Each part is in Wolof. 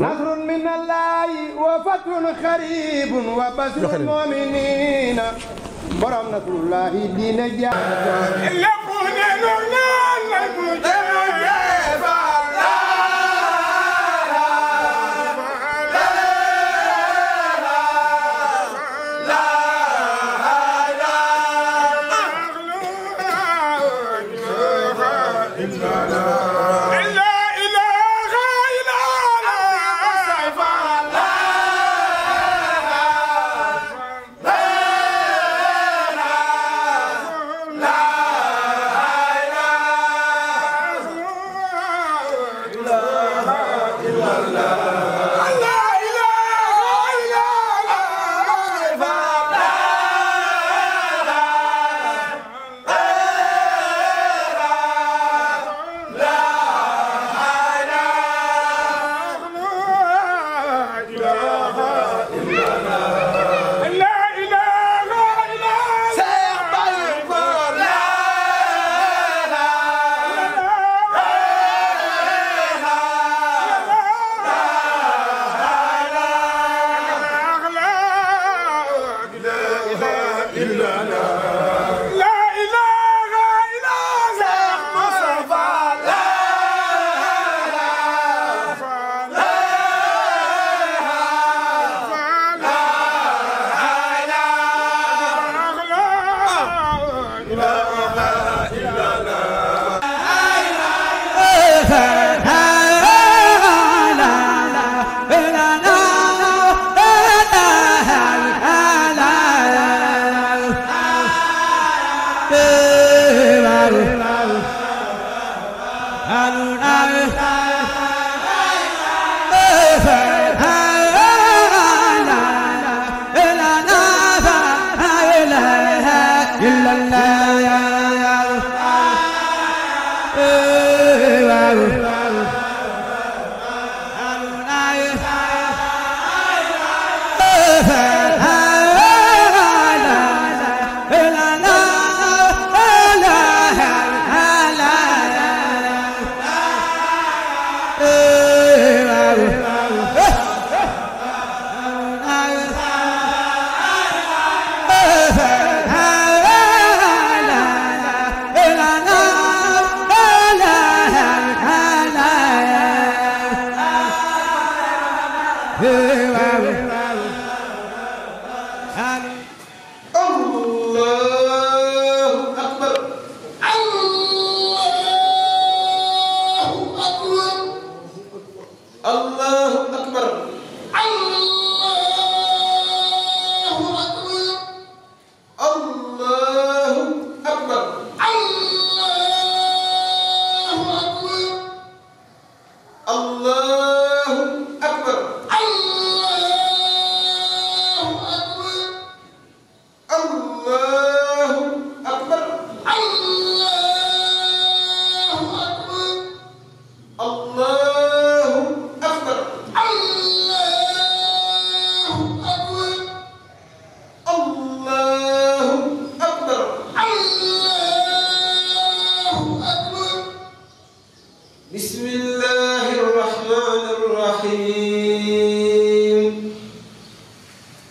نهر من الله وفتح قريب وبشر المؤمنين برم نصر الله دين جاء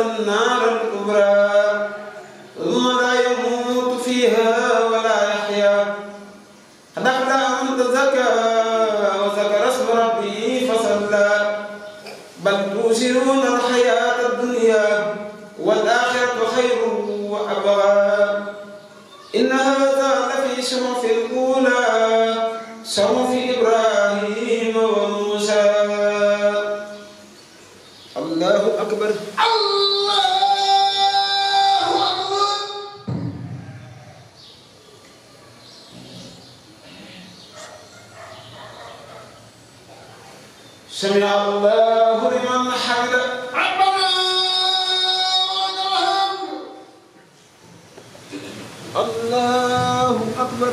النار الكبرى ثم لا يموت فيها ولا يحيا نحن أفلح من تزكى وذكر اسم فصلى بل توسرون الحياة الدنيا والآخرة خير وأبغى إن هذا لفي شرف الأولى شرف أكبر الله أكبر سمع الله لمن حمده ربنا الله أكبر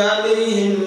عليهم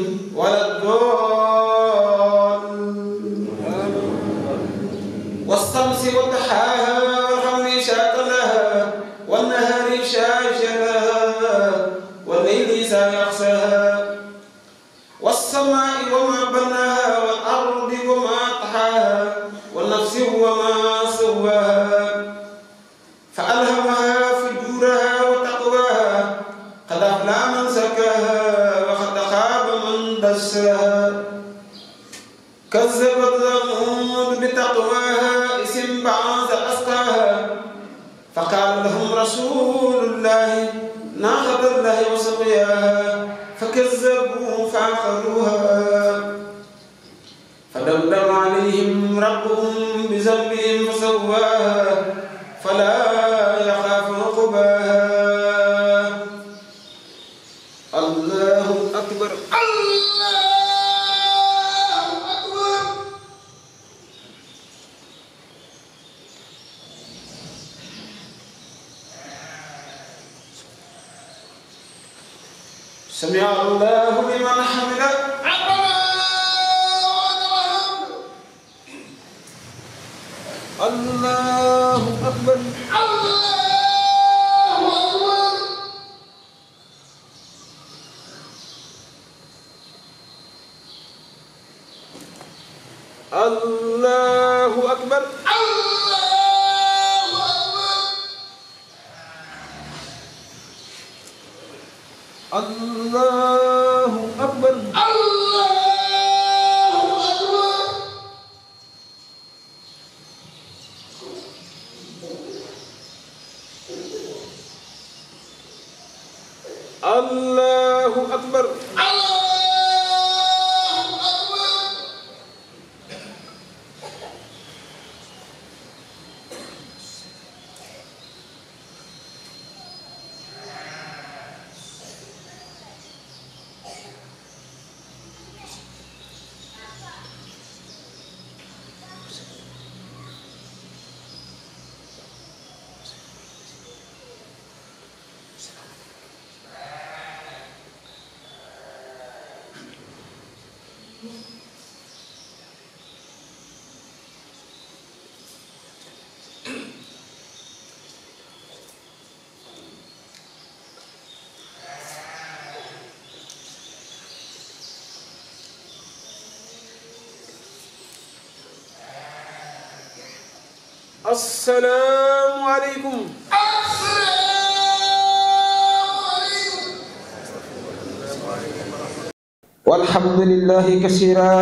فقال لهم رسول الله ناقة الله وسقياها فكذبوه فعقروها فدمدم عليهم ربهم بذنبهم فسواها فلا Allah السلام عليكم الحمد لله كثيرا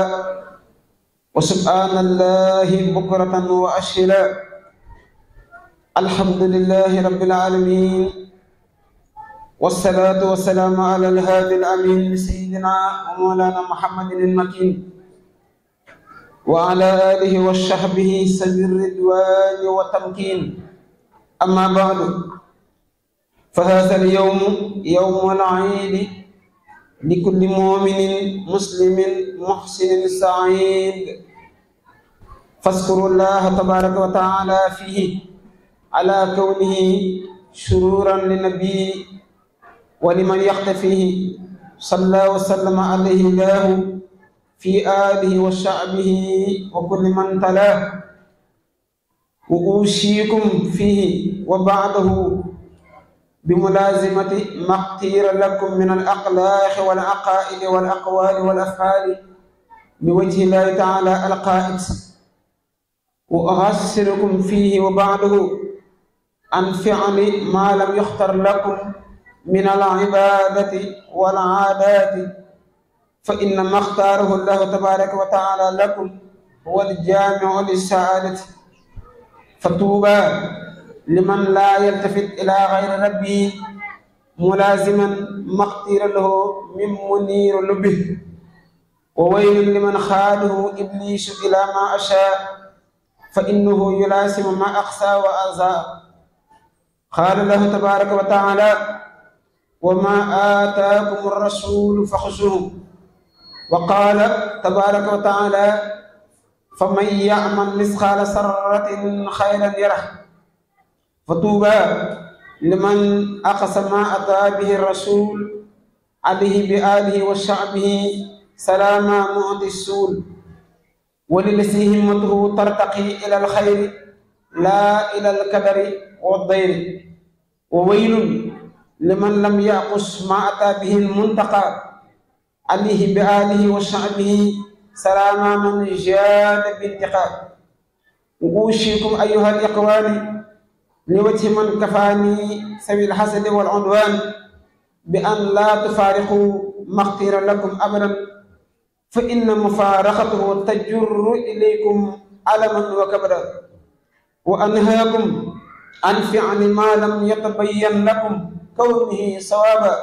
وسبحان الله بكرة وأشهلا الحمد لله رب العالمين والصلاة والسلام على الهادي الأمين سيدنا ومولانا محمد المكين وعلى آله وصحبه سر الرضوان والتمكين أما بعد فهذا اليوم يوم العيد لكل مؤمن مسلم محسن سعيد فاذكروا الله تبارك وتعالى فيه على كونه شرورا للنبي ولمن يختفيه صلى وسلم عليه الله في آله وشعبه وكل من تلاه وأوشيكم فيه وبعده بملازمة ما اختير لكم من الأقلاح والعقائد والأقوال والأفعال لوجه الله تعالى القائد وأغسركم فيه وبعده عن فعل ما لم يختر لكم من العبادة والعادات فإن ما اختاره الله تبارك وتعالى لكم هو الجامع للسعادة فطوبى لمن لا يلتفت إلى غير ربي ملازما مختيرا له من منير لبه وويل لمن خاله إبليس إلى ما أشاء فإنه يلازم ما أقسى وأزى قال الله تبارك وتعالى وما آتاكم الرسول فخذوه وقال تبارك وتعالى فمن يعمل مثقال ذرة خيرا يره فطوبى لمن أقص ما أتى به الرسول عليه بآله وشعبه سلام معطي السول وللسي همته ترتقي إلى الخير لا إلى الكدر والضير وويل لمن لم يعقص ما أتى به المنتقى عليه بآله وشعبه سلام من جاد بانتقاء وأوشيكم أيها الإخوان لوجه من كفاني سوي الحسد والعنوان بأن لا تفارقوا ما لكم أبدا فإن مفارقته تجر إليكم ألما وكبرا وأنهاكم عن فعل ما لم يتبين لكم كونه صوابا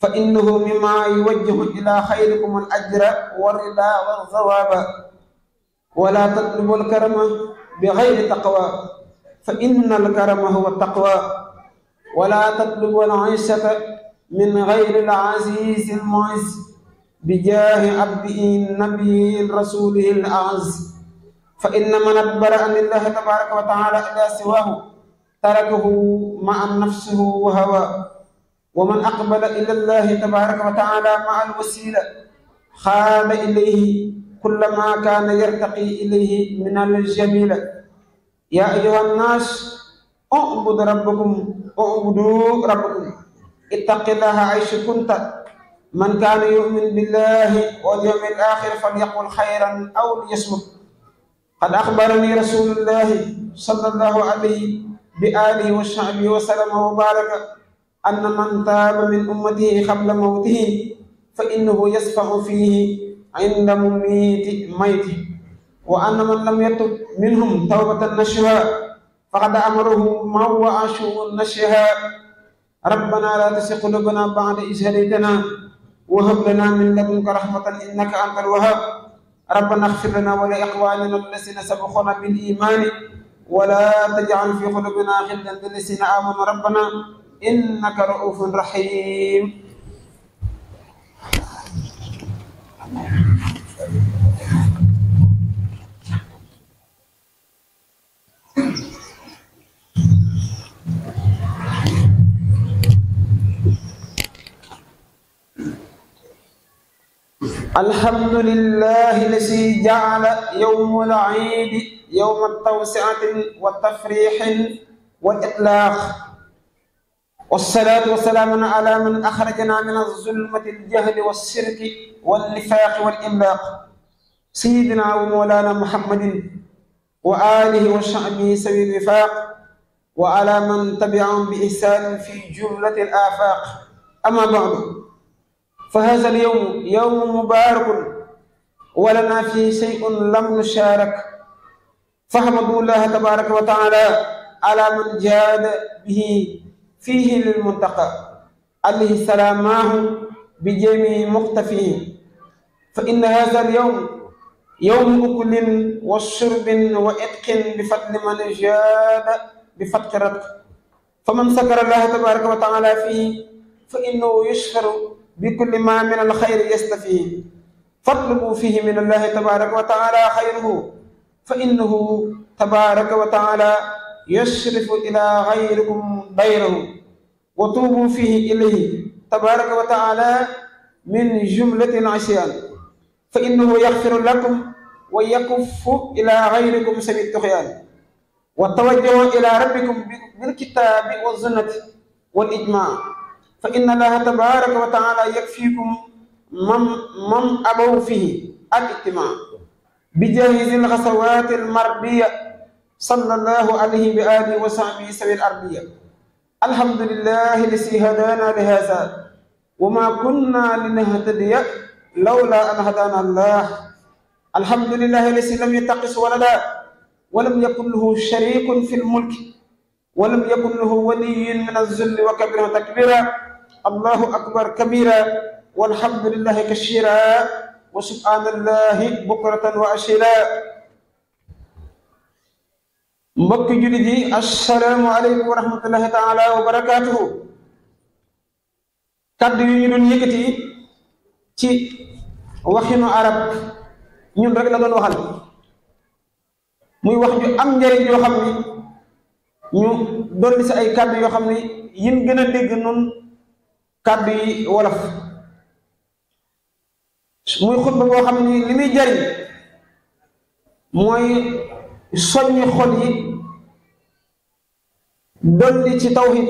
فإنه مما يوجه إلى خيركم الأجر والرضا والثواب ولا تطلبوا الكرم بغير تقوى فإن الكرم هو التقوى ولا تطلب العيشة من غير العزيز المعز بجاه عبده النبي رسوله الأعز فإن من أدبر عن الله تبارك وتعالى إلى سواه تركه مع نفسه وهوى ومن أقبل إلى الله تبارك وتعالى مع الوسيلة خاب إليه كل ما كان يرتقي إليه من الجميلة يا أيها الناس اعبد ربكم اعبدوا ربكم اتق الله عيش كنت من كان يؤمن بالله واليوم الآخر فليقل خيرا أو ليصمت قد أخبرني رسول الله صلى الله عليه بآله وصحبه وسلم وبارك أن من تاب من أمته قبل موته فإنه يسفح فيه عند مميت ميته وأن من لم يتب منهم توبة نشها فقد أمره ما هو عاشو نشها ربنا لا تسق قلوبنا بعد إذ هديتنا وهب لنا من لدنك رحمة إنك أنت الوهاب ربنا اغفر لنا ولإخواننا الذين سبقونا بالإيمان ولا تجعل في قلوبنا غلا للذين آمنوا ربنا إنك رؤوف رحيم الحمد لله الذي جعل يوم العيد يوم التوسعة والتفريح والإطلاق والصلاة والسلام على من أخرجنا من الظلمة الجهل والشرك والنفاق والإملاق سيدنا ومولانا محمد وآله وشعبه سبيل الوفاق وعلى من تبعهم بإحسان في جملة الآفاق أما بعد فهذا اليوم يوم مبارك ولنا فيه شيء لم نشارك فاحمدوا الله تبارك وتعالى على من جاد به فيه للمنتقى عليه السلام معهم بجميع مقتفيه فإن هذا اليوم يوم أكل وشرب وإتق بفضل من جاد بفتح رتق فمن سكر الله تبارك وتعالى فيه فإنه يشكر بكل ما من الخير يستفيد فاطلبوا فيه من الله تبارك وتعالى خيره فإنه تبارك وتعالى يشرف إلى غيركم غيره وطوبوا فيه إليه تبارك وتعالى من جملة العصيان فإنه يغفر لكم ويكف إلى غيركم سبيل الطغيان وتوجهوا إلى ربكم بالكتاب والسنة والإجماع فإن الله تبارك وتعالى يكفيكم من من أبوا فيه الاجتماع بجاهز الغزوات المربية صلى الله عليه وآله وصحبه سبيل الأربية الحمد لله الذي هدانا لهذا وما كنا لنهتدي لولا أن هدانا الله الحمد لله الذي لم يتقص ولدا ولم يكن له شريك في الملك ولم يكن له ولي من الذل وكبر تكبيرا allahu akbar kabira walhamdulillahi kashira wa subhanallahi bukratan wa mbokki julit yi assalaamu aleykum wa rahmatullahi taala wa barakatuhu kaddu yu ñu doon yëkkati ci waxinu arab ñun rek la doon waxal muy wax ju am njëriñ yoo xam ni ñu dolli si ay kaddu yoo xam ni yin gën a dégg kaddu yi wolof muy xutba boo xam ni li muy jariñ mooy soññi xol yi dolli ci tawhid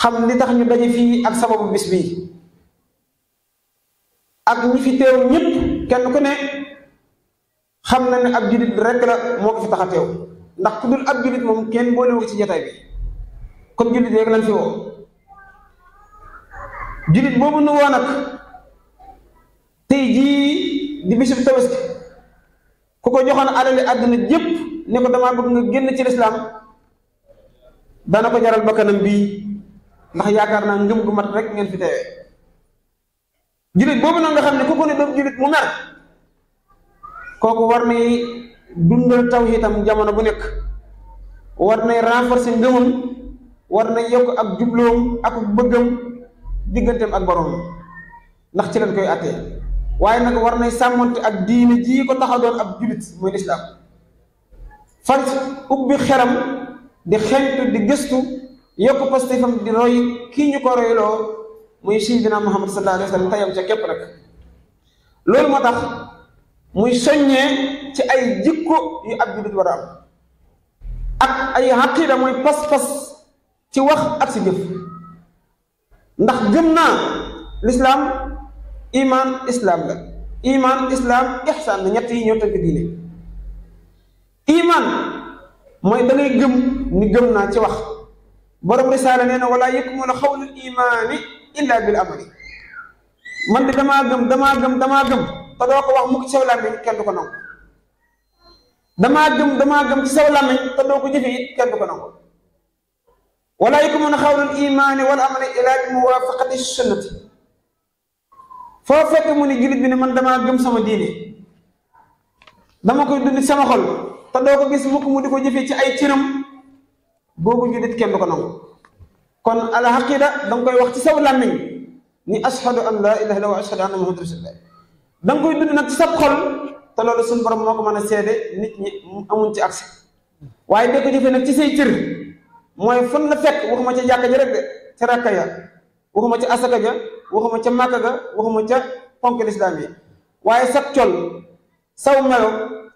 xam li tax ñu daje fii ak sababu bis bii ak ñi fi teew ñëpp kenn ku ne xam na ne ab julit rek la moo ko fi tax a teew ndax ku dul ab julit moom kenn boolewul ci jotaay bi kon julit rek lañ fi woo julit bobu nu woo nak tay ji di bisub tawaski kuko joxon alali aduna jep ne ko dama bëgg nga genn ci lislaam dana ko jaral bakanam bi ndax yaakar na ngëm gu mat rek ngeen fi teewee julit bobu nag nga xam kuko ne do julit mu mer koku war ni dundal tawhidam jamono bu nek war nay renforcer ngeumul war nay yok ak djublom ak beugam digganteem ak borom ndax ci lañ koy attee waaye nag war nay sàmmante ak diine jii ko tax doon ab julit muy lislaam far ubbi xeram di xent di gëstu yokk pastéefam di roy kii ñu ko royloo muy sayyidina Muhammad sallallahu alayhi wa sallam tayam ca képp rek loolu moo tax muy soññee ci ay jikko yu ab julit war a ak ay xaqiida muy pas-pas ci wax ak si jëf ndax gëm Islam iman islam la iman islam ihsan ñet yi ñu diine iman moy da ngay gëm ni gëm naa ci wax borom risala neena wala yakmulu xawlu iman illa bil amali man di dama gëm dama gëm dama gëm ta do ko wax mu ci kenn du nangu dama gëm dama gëm ci ta do ko jëfé kenn du nangu ولا يكمن خول الإيمان والعمل إلا بموافقة السنة foo fekk mu ni jullit bi ne man damaa gëm sama diine dama koy dund sama xol te doo ko gis mukk mu di ko ci ay kenn ni ashhadu an la ilaha wa ashadu anna muhammadu rasulullah dang koy dund nak ci xol te lolu sun borom moko sédé nit ñi amuñ ci accès waye jëfé nak ci sey cër mooy fun la fekk waxuma ca jàkka ja rek de ca rakka ya waxuma ca asaka ja waxuma ca màkka ga waxuma ca ponk lislaam yi waaye sag col saw melo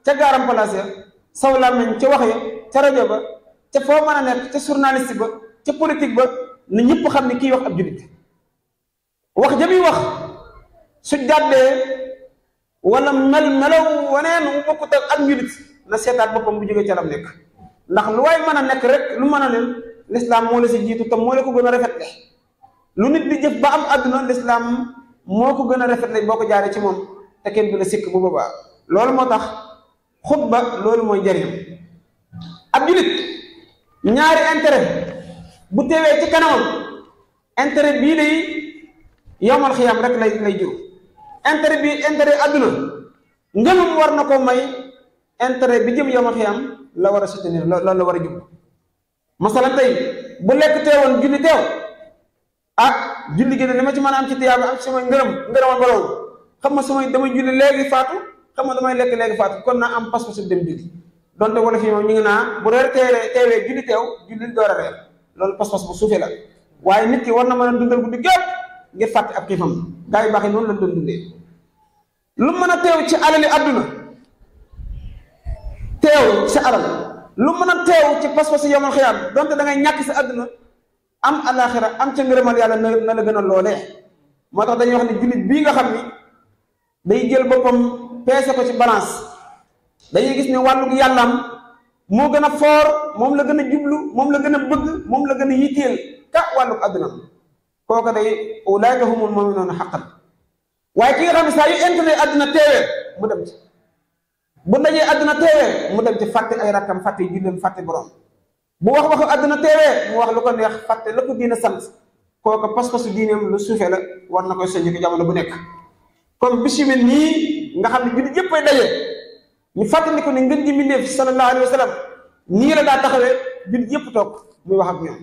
ca gaaram palaas ya saw làmmiñ ca wax ya ca rajo ba ca foo man a nekk ca journaliste ba ca politique ba na ñëpp xam ne kii wax ab julit wax jabi wax su jàddee wala mel melow waneen wu bokkut ak ab julit na seetaat boppam bu jógee ca lam nekk ndax lu waay mën a nekk rek lu mën a leen lislaam moo la si jiitu te moo la ko gën a rafetle lu nit di jëf ba am àdduna lislaam moo ko gën a rafetle boo ko jaaree ci moom te kenn du la sikk bu boobaa loolu moo tax xutba loolu mooy njariñam ab julit ñaari bu teewee ci kanamam intérêt bii day yowmal xiyam rek lay lay jur intérêt bii intérêt àdduna ngëmam war na ko may intérêt bi jëm yoma am la war a soutenir loolu la war a jub masalan tey bu lekk teewoon julli teew ah julli gi ne li ma ci mën a am ci tiyaaba am ah, ci samay ngërëm ngërëmal boroom xam nga suma damay julli léegi faatu xam nga damay lekk léegi faatu kon naa am pas-pas dem julli donte wala fii ngi naa bu reer teewee teewee julli teew julli door loolu pas-pas bu suufee la waaye nit ki war na mën a dundal guddi gépp ngir fàtte ab xiifam gaa yu baax yi noonu la doon dundee lu mën a teew ci alali àdduna teew ci aral lu meuna a teew ci pass pass yomal khiyam donte da ngay ñak ci aduna am alakhirah am ci ngeureumal yalla na la gëna lolé motax dañuy wax ni julit bi nga xamni day jël bopam peese ko ci balance dañuy gis ni walu yalla am mo gëna for mom la gëna jublu mom la gëna bëgg mom la gëna yitel ka walu aduna kooka day ulaihumul humul haqqan way ki nga xamni sa yu entene aduna teewee mu dem ci bu dajee àdduna teewee mu dem ci fàtte ay rakkam fàtte julleem fàtte borom bu wax waxu àdduna teewee mu wax lu ko neex fàtte la ko diina sant kooku pas-pasu diineem lu suufee la war na koy soññi ko jamono bu nekk comme bisimil nii nga xam ne jullit yëpp ay daje ñu fàttali ko ne ngën ji sa sallallahu alayhi wa sallam nii la daa taxawee jullit yëpp toog muy wax ak ñoom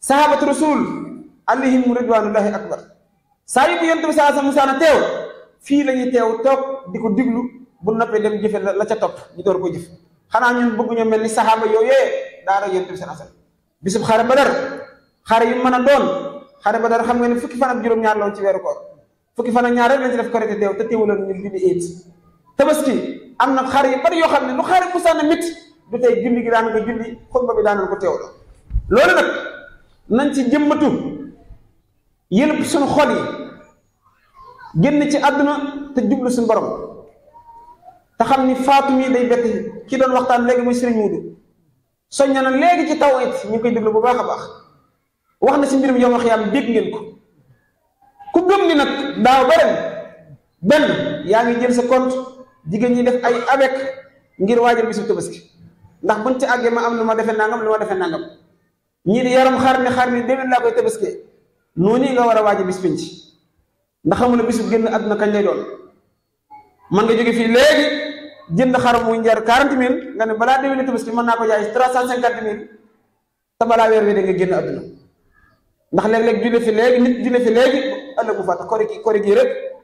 sahabatu rasul alayhim ridwanullahi akbar saa yu bu yonent bi saa sa musaana teew fii la ñuy teew toog di ko diglu bu noppee dem jëfe la ca topp ñu door ko jëf xanaa ñun ñoo mel ni saxaaba yooyee daara yonent bi sallallahu alayhi wasallam bisub xare badar xare yu mën a doon xare badar xam nga ne fukki fan juróom-ñaar la ci weeru koor fukki fan ak ñaar rek lañ ci def korite teew te teewuloon ñu julli eet tabaski am na xare yu bari yoo xam ne lu xare musaana mit du tey julli gi daan ko julli xutba bi daan ko teewloo loolu nag nañ ci jëmmatu yëlëb suñu xol yi génn ci àdduna te jublu suñu borom te xam ni faatu mii day bett ki doon waxtaan léegi muy sëriñ Wudu soñña na léegi ci taw it ñu koy déglu bu baax a baax wax na si mbirum yow wax yàlla dégg ngeen ko ku gëm ni nag daaw ba benn yaa ngi jël sa compte jigéen ñi def ay avec ngir waajal bisu tabaski ndax buñ ci àggee ma am lu ma defee nangam lu ma defee nangam ñii di yaram xar ni xar ni déwén laa koy tabaski noonu nga war a waajal bis penc ndax xamul ne bisu génn àdduna kañ lay doon jënd xar muy njar quarante mille nga ne balaa déwénee tabaski mën naa ko jaay trois cent cinquante te balaa weer wi nga génn àdduna ndax léeg-léeg june fi léegi nit june fi léegi ëllëg bu fa kori gi kori gi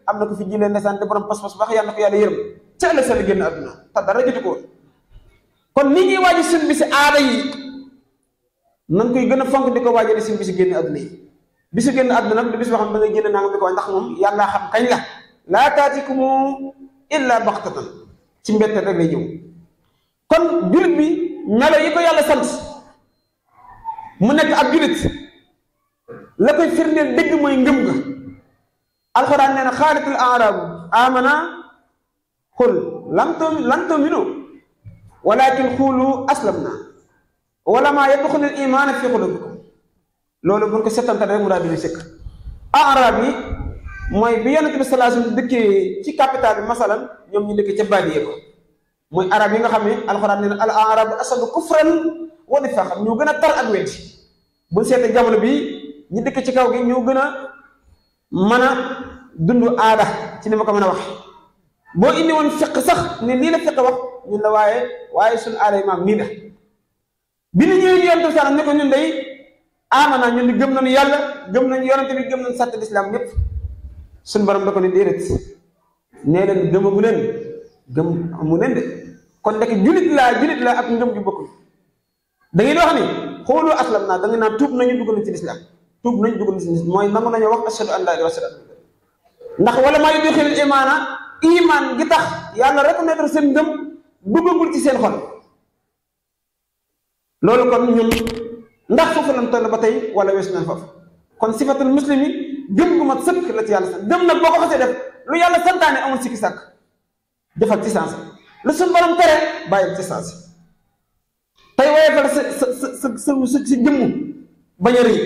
am na ko fi jëlee ndeysaan te borom pas-pas yàlla yàlla yërëm ca ëllëg seen génn àdduna te dara jotu ko kon nit ñuy waaj sun bi si aada yi nan koy gën a fonk di ko waajee di sun bi si génn àdduna yi bisu génn àdduna nag du bis boo xam ne da ngay naa nga di moom yàlla xam kañ la laa taatikumu illa baxtatan ci mbette rek lay jëw kon jullit bi melo yi ko yàlla sant mu nek ab julit la koy firndeel deug moy ngëm nga alquran neena na a'rab amana xul lam tum lam tomino walakin xuulu aslamna wala ma maa al iman fi qulubikum lolu bu ko settantal rek mu daal di sëkk arab mooy bi yonente bi salaa sallam dëkkee ci capital bi masalan ñoom ñu dëkk ca badiye ba muy arab yi nga xam ne alxuraan nee na al arab asadu kufran wa nifaq ñu gën a tar ak weddi bu seete jamono bi ñi dëkk ci kaw gi ñu gën a mën a dund aada ci ni ma ko mën a wax boo indi woon fiq sax ne lii la fiq wax ñun la waaye waaye sun aada yi maam nii la bi ñu ñëwee yonente bi ne ko ñun day amana ñun gëm nañu yàlla gëm nañu yonente bi gëm nañu sàtt islam ñëpp suñ borom da ko ne déedéet nee leen gëmagu leen gëm amu leen de kon ndek julit laa julit laa ak ngëm ju bokkul da ngeen wax ni xooloo aslam naa da naa naan tuub nañu dugg na ci lislaam tuub nañu dugg na ci lislaam mooy nangu nañoo wax ashadu an laa ilaaha illallaah ndax wala maa yudxilul imaana imaan gi tax yàlla reconnaître seen ngëm duggagul ci seen xol loolu kon ñun ndax foofu lañ toll ba tey wala weesu na foofu kon sifatul muslim yi gëm gu mat sëkk la ci yàlla sant gëm nag boo ko xasee def lu yàlla santaane amul sikki sàkk defal ci sens lu suñ borom tere bàyyi ci sens tey woyefal sa sa sa sa si jëmm bañ a rëy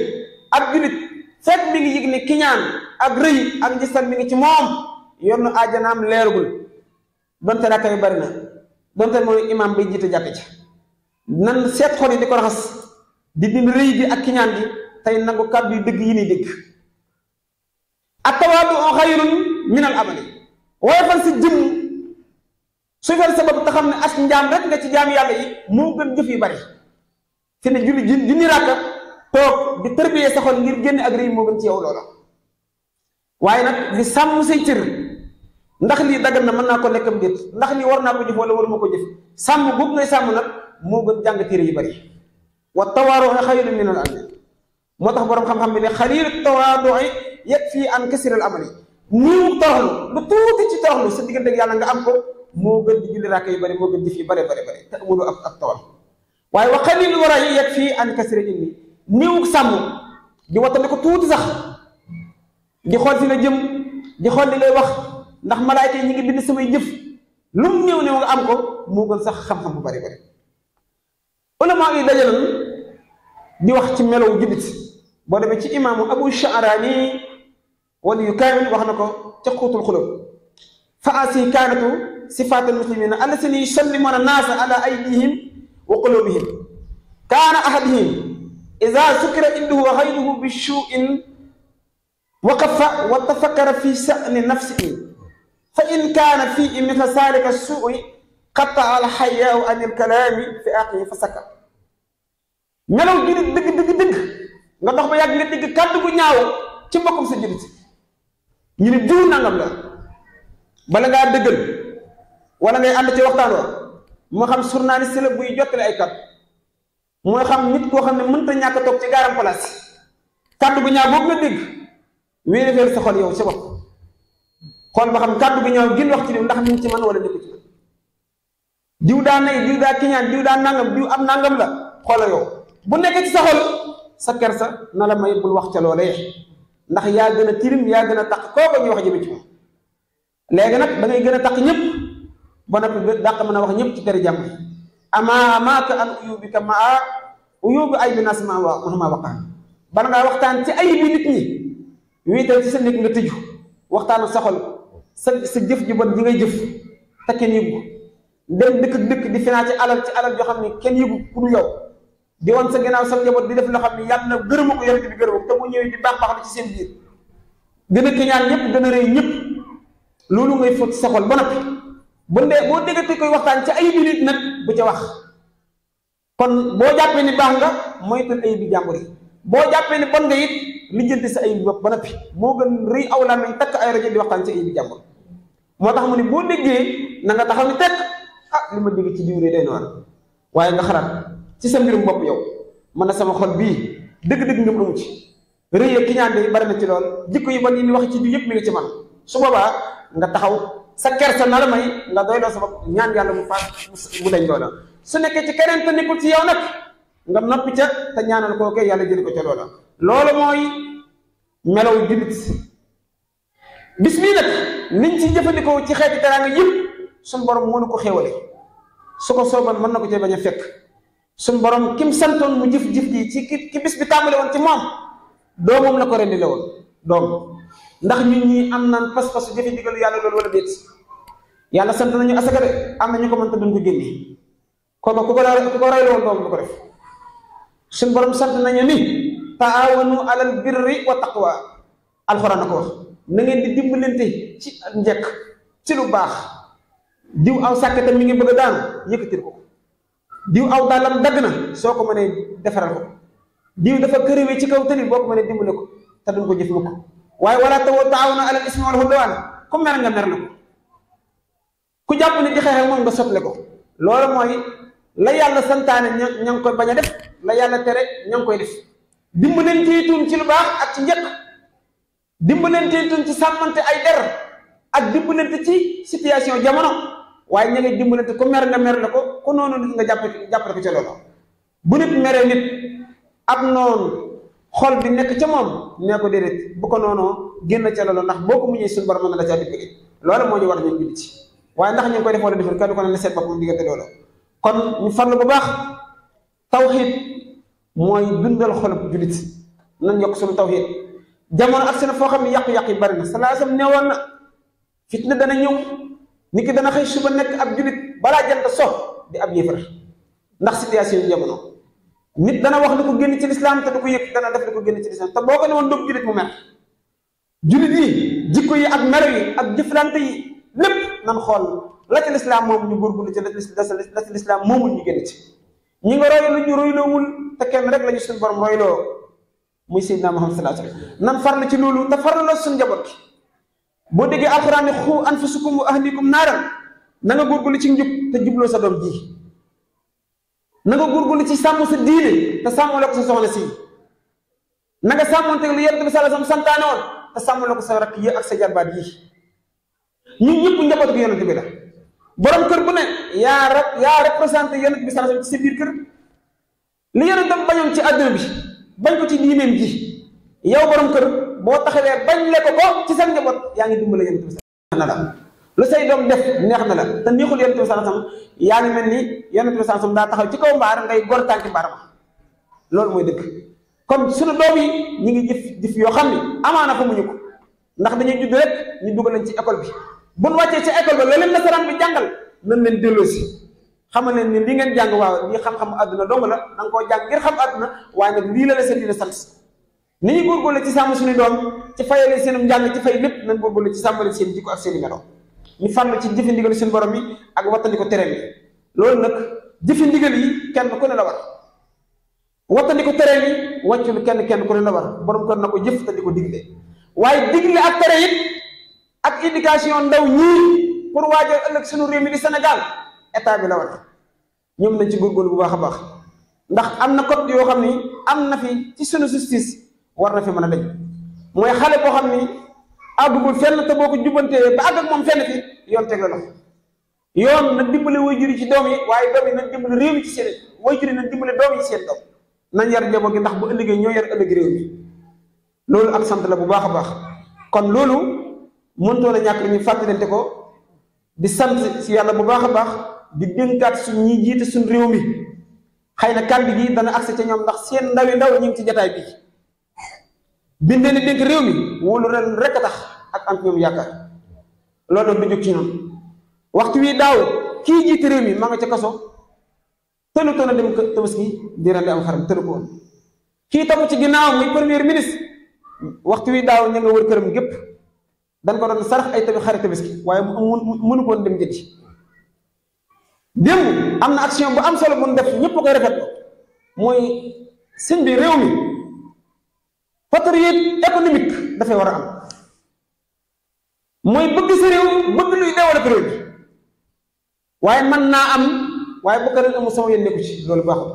ak julit seet mi ngi yëg ne kiñaan ak rëy ak njistal mi ngi ci moom yor na aajanaam leeragul donte rakka yu bari na donte mooy imaam bay jiite jàkk ci nan seet xol yi di ko raxas di din rëy gi ak kiñaan gi tey nangu kàddu yu dëgg yi ni dëgg atawadu khairun min al amali way woyofal ci jëm su fal sababu te xam ne as ndiam rek nga ci jam yalla yi mo gën jëf yi bari ci ne julli ji junni ràkka tok di terbiye saxon ngir genn ak reey mo gën ci yow lolo waye nak di sam sey ciir ndax li dagal na man naa ko lekkam déet ndax li war na ko jëf wala waruma ko jëf sam góob ngay sam nak mo gën jang tire yi bari wa tawaru xayrun min al amali motax borom xam-xam bi ne xariir tawadu'i yet fii an kasiral amali nii toroxlu lu tuuti ci toroxlu sa diggante ak yàlla nga am ko moo gën di julli raaka yu bëri moo gën di fii bare bëri bëri te amuloo ak ak tawal waaye wa qalil war a yet fii an kasiral inni niw sàmm di wattandi ko tuuti sax di xool fi nga di xool wax ndax malaayka ñu ngi samay jëf lu mu néew néew nga am ko moo gën sax xam-xam bu bari bari ulama yi dajaloon di wax ci melow jullit boo demee ci imaamu abu shaaraani wala yu kaamil wax na ko ca xuutul xulóob fa asi kaanatu sifaatul muslimina allasina yusallimuna naasa ala aydihim wa qulubihim kaana ahadihim ida sukira indahu wa xayruhu bi shuin waqafa wa tafakkara fi shani nafsihi fa in kaana fii mithla saalika suui qataa alxayaau an ilkalaami fi aqihi fa sakka melaw julit dëgg dëgg dëgg nga dox ba yàgg nga dégg kàddu gu ñaaw ci mbokkum sa julit ñu ni diw nangam la bala nga deugal wala ngay and ci waxtaan wa mo xam journaliste sele buy jotale ay kat mo xam nit ko xamne ne mënta ñàkk ci garam place kàddu bu ñaaw bokk na deg wéré feel sa yow ci bopp xol ba xam kàddu bu ñaaw gin wax ci ndax ñu ci man wala nekku ci diw da nay diw daa kiñaan diw da nangam diw am nangam la xoola yow bu nekk ci sa sa kersa na la may bul wax ca lolé ndax yaa gën a tilim yaa gën a taq kooku ñuy wax jëme ci moom léegi nag da ngay gën a taq ñëpp ba noppi dàq mën a wax ñëpp ci teri jàmm ama amaaka an uyubika maa uyubi ay bi nas ma wa ma waqaan bala ngaa waxtaan ci ay yi nit ñi wiital ci sa nit nga tëju waxtaan sa xol sa jëf ji bon ji ngay jëf te kenn yëgu dem dëkk dëkk di financé alal ci alal joo xam ne kenn yëgu ku dul yow di wan sa ginnaaw sa njaboot di def loo xam ne yàlla gërëma ko yonent bi gërëma ko te bu ci seen biir gën a kiñaan ñëpp gën a rëy ñëpp loolu ngay fóot sa xol ba noppi bu dee boo déggatee koy waxtaan ci ay minute nag ca wax kon boo jàppee ni baax nga moytul ay bi jàmbur boo jàppee ni bon nga it lijjanti sa ay bopp ba noppi moo gën aw laa takk ay rajo di waxtaan ci ay moo tax mu ne boo déggee na nga taxaw ni tekk ah lu ma dégg ci diwree day noonu waaye nga xalaat ci sa mbirum bopp yow man na sama xol bii dëgg-dëgg nga mu ci rëy ak kiñaan bi bari na ci lool jikko yi ban yi ni wax ci biir yëpp mi ngi ci man su boobaa nga taxaw sa kersa na la may nga doy loo sa bopp ñaan yàlla mu faat mu dañ loola su nekkee ci keneen te nekkul ci yow nag nga noppi ca te ñaanal koo kee yàlla jëli ko ca loola loolu mooy melow jullit bis bii nag niñ ci jëfandikoo ci xeeti teraanga yëpp suñu borom mënu ko xéewale su ko sooban mën na ko cee bañ fekk sun borom kim santone mu jif jif ji ci ki wanti bis bi tamale won ci mom domum la ko rendi la ndax ñun ñi am nan pas pass jëfe digal yalla lool wala déet yalla sant nañu asaka de am na ko mënta te duñ ko génne ko ba ko daa ko ray lool dom ko def sun borom sant nañu ni taawanu alal birri wa taqwa alquran ko wax na ngeen di dimbalante ci njëkk ci lu baax diw aw sakata mi ngi bëgg daan yëkëtir ko diw aw dàllam dagg na soo ko mënee defaral ko diw dafa këriwee ci kaw tëli boo ko mënee dimbale ko te duñ ko jëf mukk waaye wala tawa taawuna alal ismi wal udwaan ku mer nga mer la ko ku jàpp ni di xeexee moom nga sotle ko loolu mooy la yàlla santaane ña ña ngi koy bañ a def la yàlla tere ña ngi koy def dimbalante tuum ci lu baax ak ci njëkk dimbalante tuum ci sàmmante ay der ak dimbalante ci situation jamono. waye ña ngay dimbalante ku mer nga mer la ko ku noonu nit nga japp japp ko ci lolo bu nit mere nit ab non xol bi nek ci mom ne ko dedet bu ko nono genn ci lolo ndax boo ko muñee borom na la ci dibbi lolo mo ñu war ñu dibbi ci waye ndax ñu ngi koy def defal kenn ko set bop mu digante lolo kon ñu farlu bu baax tawhid moy dundal bu julit nan yok sun tawhid jamono ak sene fo xam yaq yaq yi bari na salasam newon na fitna dana ñew nit ki dana xëy suba nekk ab julit balaa jant so di ab yéefar ndax situation yi jamono nit dana wax li ko génn ci lislaam te du ko yëg dana def li ko génn ci lislaam te boo ko ne woon doob julit mu mer julit yi jikko yi ak mer yi ak jëflante yi lépp nan xool la ci lislaam moom ñu góorgóorlu ci la ci lislaam moomul ñu génn ci ñi nga roy lu ñu royloowul te kenn rek la ñu suñu borom royloo muy Seydina Muhammad sallallahu alayhi wa sallam nan farlu ci loolu te farlu la suñu njaboot bo dege alquran ne xu anfusukum wa ahlikum naaran na nga góorgóorlu ci njub te jubloo sa dom ji na nga góorgóorlu ci sammu sa diine te sammu lako sa soxla si na nga sàmmoonte lu yonent bi sallallahu alayhi wasallam santaane woon te sàmmoole ko sa rakk yi ak sa jabar yi ñun ñëpp njabootu bi yonent bi la borom kër bu ne ya rab yaa représenté yonent bi sallallahu alayhi wasallam ci bir kër li yonent bi bañum ci aduna bi bañ ko ci diineem ji yow borom kër bo taxawee bañ le ko ko ci sa njabot yaa ngi dimbale yonent bi na la lu say dom def neex na la te neexul yonent bi sansam yaa ngi mel ni yonent bi sansam daa taxaw ci kaw mbar ngay gor tanki mbaar ma loolu mooy dëkk kon suñu doom yi ñi ngi jif jif yo xamni amana fa muñu ko ndax dañuy judd rek ñu dugg nañ ci école bi buñ wacce ci école ba loolu nasaraan bi jangal nañ leen delloosi xamal leen ni li ngeen jang waaw lii xam-xam aduna dom la nang ko jang ngir xam aduna way nak li la la seen dina sant ni ñu góorgóorlu ci sàmm suñu doom ci fayale seen njàng ci fay lépp nañ góorgóorlu ci sàmmale seen jikko ak seen i melo ñu farlu ci jëfe ndigal suñu borom yi ak wattandi ko tere loolu nag jëfe ndigal yi kenn ku ne la war wattandi ko tere bi wàccul kenn kenn ku ne la war borom kon na ko jëf te di ko digle waaye digle ak tere it ak éducation ndaw ñii pour waajal ëllëg suñu réew mi di Sénégal état bi la war ñoom nañ ci góorgóorlu bu baax a baax ndax am na code yoo xam ni am na fi ci suñu justice war na fi man a daj mooy xale boo xam ni àggugul fenn te boo ko jubbantee ba àgg ak moom fenn fi yoon teg la loxo yoon na dimbali waajur yi ci doom yi waaye doom yi na dimbali réew yi ci seen waajur yi doom yi seen doom nañ yar njaboot gi ndax bu ëllëgee ñoo yar ëllëg réew mi loolu am sant la bu baax a baax kon loolu mëntoon a ñàkk ñu fàttalante ko di sant si yàlla bu baax a baax di dénkaat suñ ñi jiite suñu réew mi xëy na kàddu gi dana accès ca ñoom ndax seen ndawi ndaw ñu ngi ci jataay bi bindé ni dénk réew mi wolu ren rek tax ak am ñom yaaka loolu doon du ci waxtu wi daaw ki jitt réew mi ma nga ci kasso dem ko tabaski di rendi am xaram tënu ko ki tamu ci ginaaw muy premier ministre waxtu wi daaw ñinga wër kërëm gep dañ ko doon sarax ay tabi xari tabaski mu ñu ko dem dem amna action bu am solo mu def ñepp ko rafet moy bi réew mi patriote économique dafay war a am mooy bëgg sa réew bëgg luy développé réew bi waaye mën naa am waaye bu keneen amul sama yéen nekku ci loolu baaxul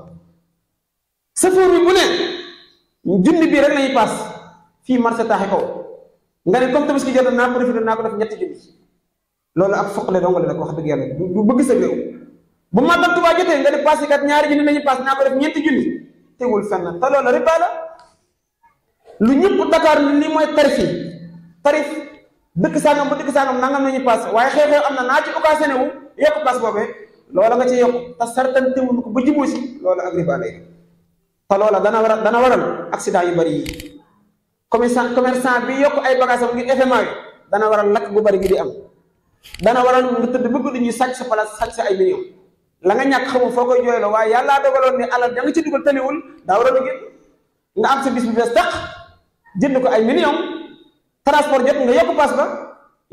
safoor bi bu ne junni bii rek lañuy paas fii marché taaxi kaw nga ne comme tabaski jot naa profité naa ko def ñetti junni loolu ak foqale donga la ko bu màggal Tuubaa jotee nga ne paas yi kat ñaari junni lañuy paas la lu ñëpp Dakar li mooy tarif tarif dëkk sangam bu dëkk sangam nangam la ñuy paas waaye xew am na naa ci occasionné wu yokk paas boobee loola nga ci yokk te sartante wuñ loola agriba lay te dana waral dana waral yu bëri yi commerçant commerçant bi yokk ay bagages am dana waral lakk bu bëri gi am dana waral nga tëdd bëgg di ñuy sàcc sa place sàcc sa ay la nga ñàkk xamul foo koy jooyloo waaye yàllaa dogaloon ne alal da nga ci dugal tëliwul daa waral a génn nga am sa bis bu bees jënd ko ay millions transport jot nga yokk paas ba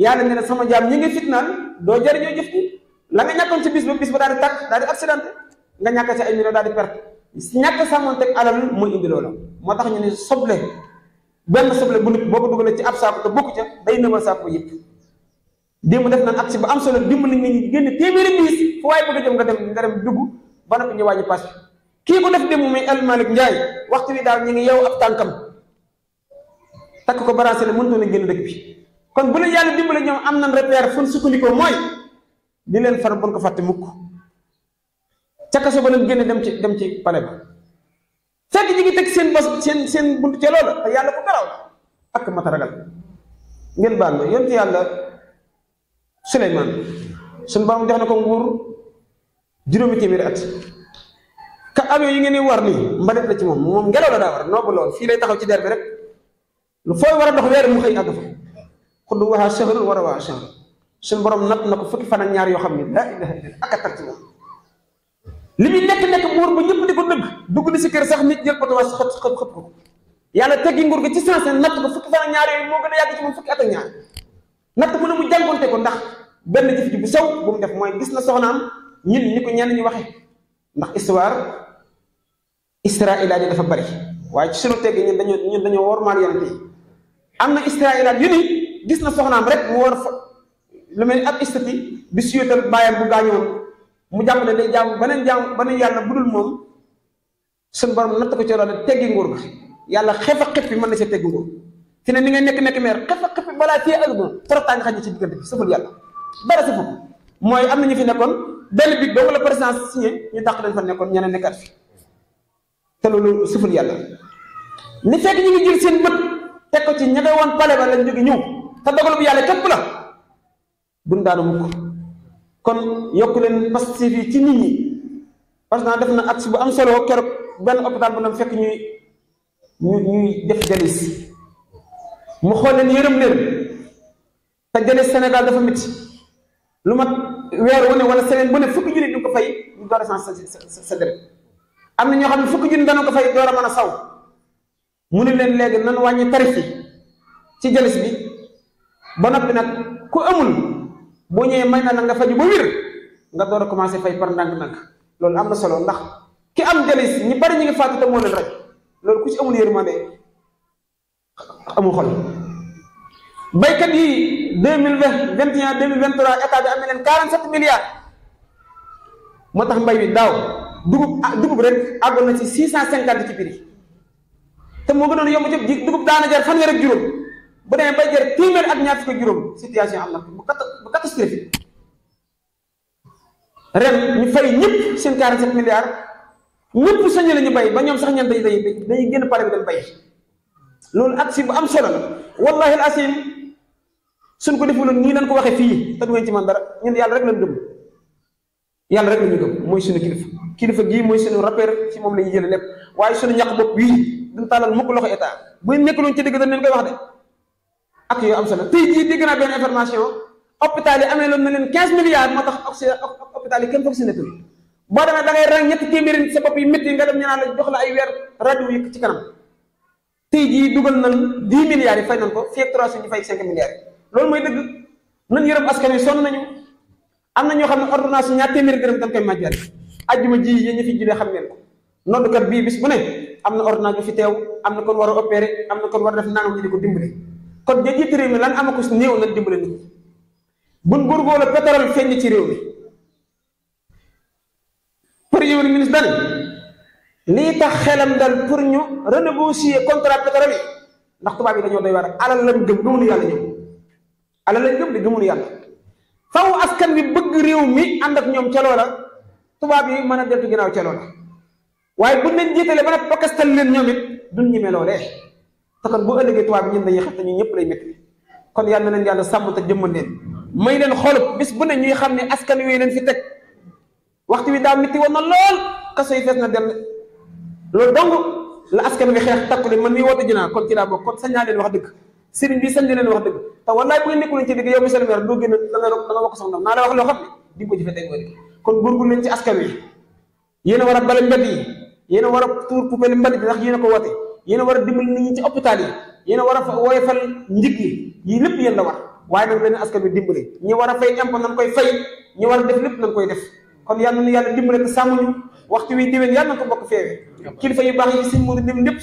yàlla ne ne sama jaam ñi ngi fitnaan doo jëriñoo jëf ji la nga ñàkkoon ci bis ba bis ba daal di tàkk daal di accidenté nga ñàkk ci ay millions daal di perte ñàkk sàmmoon teg alal muy indi la moo tax ñu ne soble benn soble bu nit boo ko dugalee ci ab saako te bokku ca day nëbal saako yëpp démb def naan ak si ba am solo dimbali nit ñi génn téeméeri biis fu waaye bëgg a jëm nga dem nga dem dugg ba noppi ñu wàññi paas bi kii def démb muy El Malick Ndiaye waxtu wi daal ñu ngi yow ab tànkam tak ko brasser la mënutoo leen génn dëkk bi kon bu leen yalla dimbale ñom am nañ repère fu ñu moy di leen far bon ko fatte mukk ca kasso ba leen génne dem ci dem ci pale ba fekk ñi ngi tek seen bos seen seen buntu ci lool te yàlla ko garaw ak mataragal ngeen baal ma yent yalla suleyman sun baam def na ko nguur juroomi timir at ka ayo yi ngeen ni war nii mbalit la ci mom mom ngelaw la da war noobu lool lay taxaw ci der bi rek لفوي ورا دخ وير مخي ادف كل وها شهر ورا وها شهر سن بروم نات نكو فك فان نيار يو خامي لا اله الا الله اك ترتي لي نيك نيك مور بو نيب ديكو نك دوغ ني سكر صاح نيت جيل بوتو واس خط خط خط يالا تيغي نغور كي سي سان نات بو فك فان نيار مو غنا ياغ سي مو فك ات نيار نات مو نمو جانغونتي كو ندخ بن جيف جي بو سو بو مو ديف موي غيس لا سوخنام نيت نيكو نين ني واخي ندخ استوار اسرائيل ادي دا فا بري واي سي نو تيغي ني دانيو ني دانيو وور مال يالنتي am na israilaat yu ni gis na soxnaam rek mu war fa lu mel ni ab istati di siyóotal bàyyam bu gaañoon mu jàpp ne day jaamu beneen jaamu beneen yàlla bu dul moom suñu borom natt ko ci loolu teggi nguur ga yàlla xef a xippi mën na see teggi nguur fi ne nga nekk nekk meer xef a xippi balaa fee àdduna torotaan nga xaj ci diggante mooy am na ñu fi nekkoon bi doomu la président signé ñu dàq dañ fa nekkoon ñeneen nekkaat fi te loolu sëful yàlla li fekk ñu ngi jël seen bët teg ko ci ñebe woon pale ba lañ jóge ñëw te dogalu bu yàlla képp la buñ daanu mukk kon yokk leen pastif yi ci nit ñi parce que def na at bu am solo keroog benn hôpital bu nam fekk ñuy ñu ñuy def jalis mu xool leen yërëm leen te jalis Sénégal dafa métti lu mat weer wu ne wala semaine bu ne fukki junni di ko fay ñu door a sens sa sa sa deret am na ñoo xam ne fukki junni dana ko fay door a mën a saw. mu len leg nan wañi tarifi ci jëlis bi ba nopi nak ku amul bo ñe may na nga faju bu wir nga do a commencé fay par ndang nak lool amna solo ndax ki am jëlis ñi bari ñi ngi faatu te mo leen rek lool ku ci amul yërmande amu xol baykat yi 2021 2023 état bi am na 47 milliards motax mbay bi daw dugub ah, dugub rek àggoon na ci 650 ci prix te mo gënal yomb ci dig dug daana jar fan ak juróom bu demee bay jar timer ak ñaar ko juróom situation am na bu catastrophe catastrophique ren ñu fay ñepp seen 47 milliards ñepp sañu lañu bay ba ñom sax ñan day day day gën paré bi dem bay lool ak ci bu am solo la wallahi al asim suñ ko defuloon nii lañ ko waxe fi ta du ngeen ci man dara ñun yalla rek lañ dëmm yalla rek lañu gëm moy suñu kilifa kilifa gi moy suñu rapper ci mom lañu jël lepp waye suñu ñak bop wi duñ talal mukk loxo état bu nekk luñ ci digg dañ leen koy wax de ak yu am solo tay ji digg na ben information hôpital yi amé lu na leen 15 milliards motax hôpital yi kën kenn vacciné tul bo dama da ngay rang ñet témir ci bop yi metti nga dem ñaanal jox la ay wër radio yi ci kanam tay ji duggal na 10 milliards fay nañ ko fi 3 ñu fay 5 milliards lool moy deug nañ yërëm askan yi son nañu amna na ñoo xam ordonnance ñaar témir dërëm tan koy màjjal aljuma ji yeñu fi jilé xam ngeen ko noddkat bii bis bu ne amna ordonnance fi tew amna kon wara a opéré am kon wara def nangam di ko dimbale kon jëj ci réew mi lan amako si néew nañ dimbale nit buñ góorgóorlu pétrole fenn ci réew mi premier ministre dal li tax xélam dal pour ñu renégocier contrat pétrole yi ndax tuba bi dañu doy war alal lañu gëm gëmunu yalla ñu alal lañu gëm di gëmunu yalla faw askan wi bëgg réew mi ànd ak ñoom ca loola tubaab yi mën a deltu ginnaaw ca loola waaye buñ leen jiitalee ba ne pakastal leen ñoom it duñ ñeme loolee te kon bu ëllëgee tubaab yi ñun dañuy xam te ñun ñëpp lay métti kon yàlla na leen yàlla sàmm te jëmmal leen may leen xolub bis bu ne ñuy xam ne askan wi leen fi teg waxtu wi daa métti woon na lool kaso yi fees na dem loolu dong la askan wi xeex takku man mii woote ji naa kon ci laa bokk kon sañ naa leen wax dëgg sëriñ bi leen wax dëgg. te wallaay bu ngeen nekkul ci digg yow monsieur le maire nga da nga bokk naa la wax loo xam ne di nga ko kon góorgóorlu ci askan wi yéen a war a bale mbedd yi yéen war a tuur poubelle mbedd bi ndax yéen a ko woote yéen a war a dimbali nit ñi ci hôpital yi yéen a a woyofal njëg yi yii lépp yéen la war waaye nag leen askan wi dimbali ñi war a fay impôt nañ koy fay ñi war a def lépp nañ koy def kon yàlla na yàlla dimbale te sàmm ñu waxtu wi déwén yàlla na ko bokk feewe kilifa yu baax yi sëñ Modou Lim lépp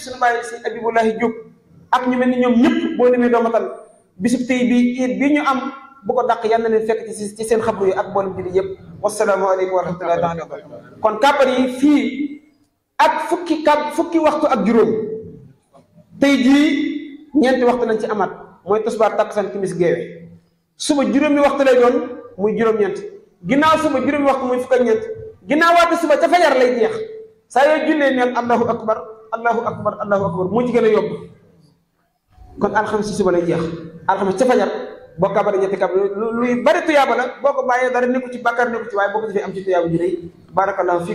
ñu mel ni ñoom ñëpp boo demee doomatal bisub tey bi eid bi ñu am bu ko dakk yalla na leen fekk ci ci seen xabru yi ya, ak mboolem julli yëpp wasalaamaaleykum wa rahmatullahi kon kàppar yi fi ak fukki kap fukki waxtu ak juroom tey ji ñent waxtu lañ ci moy mooy tosbaar san timis geewe suba juróomi waxtu lay doon muy juroom ñent ginaaw suba juróomi waxtu muy fukk ñent ginaaw waatu suba ca fajar lay jeex sa yo julle allahu akbar allahu akbar allahu akbar Mu ci gëna yobbu kon alxames ci suba lay jeex alxames ca fajar boo kabare ñetti kabare luy bari tuyaaba la boo dara nekku ci bàkkaar nekku ci waaye boo defee am ci tuyaaba ju rëy barakallahu fi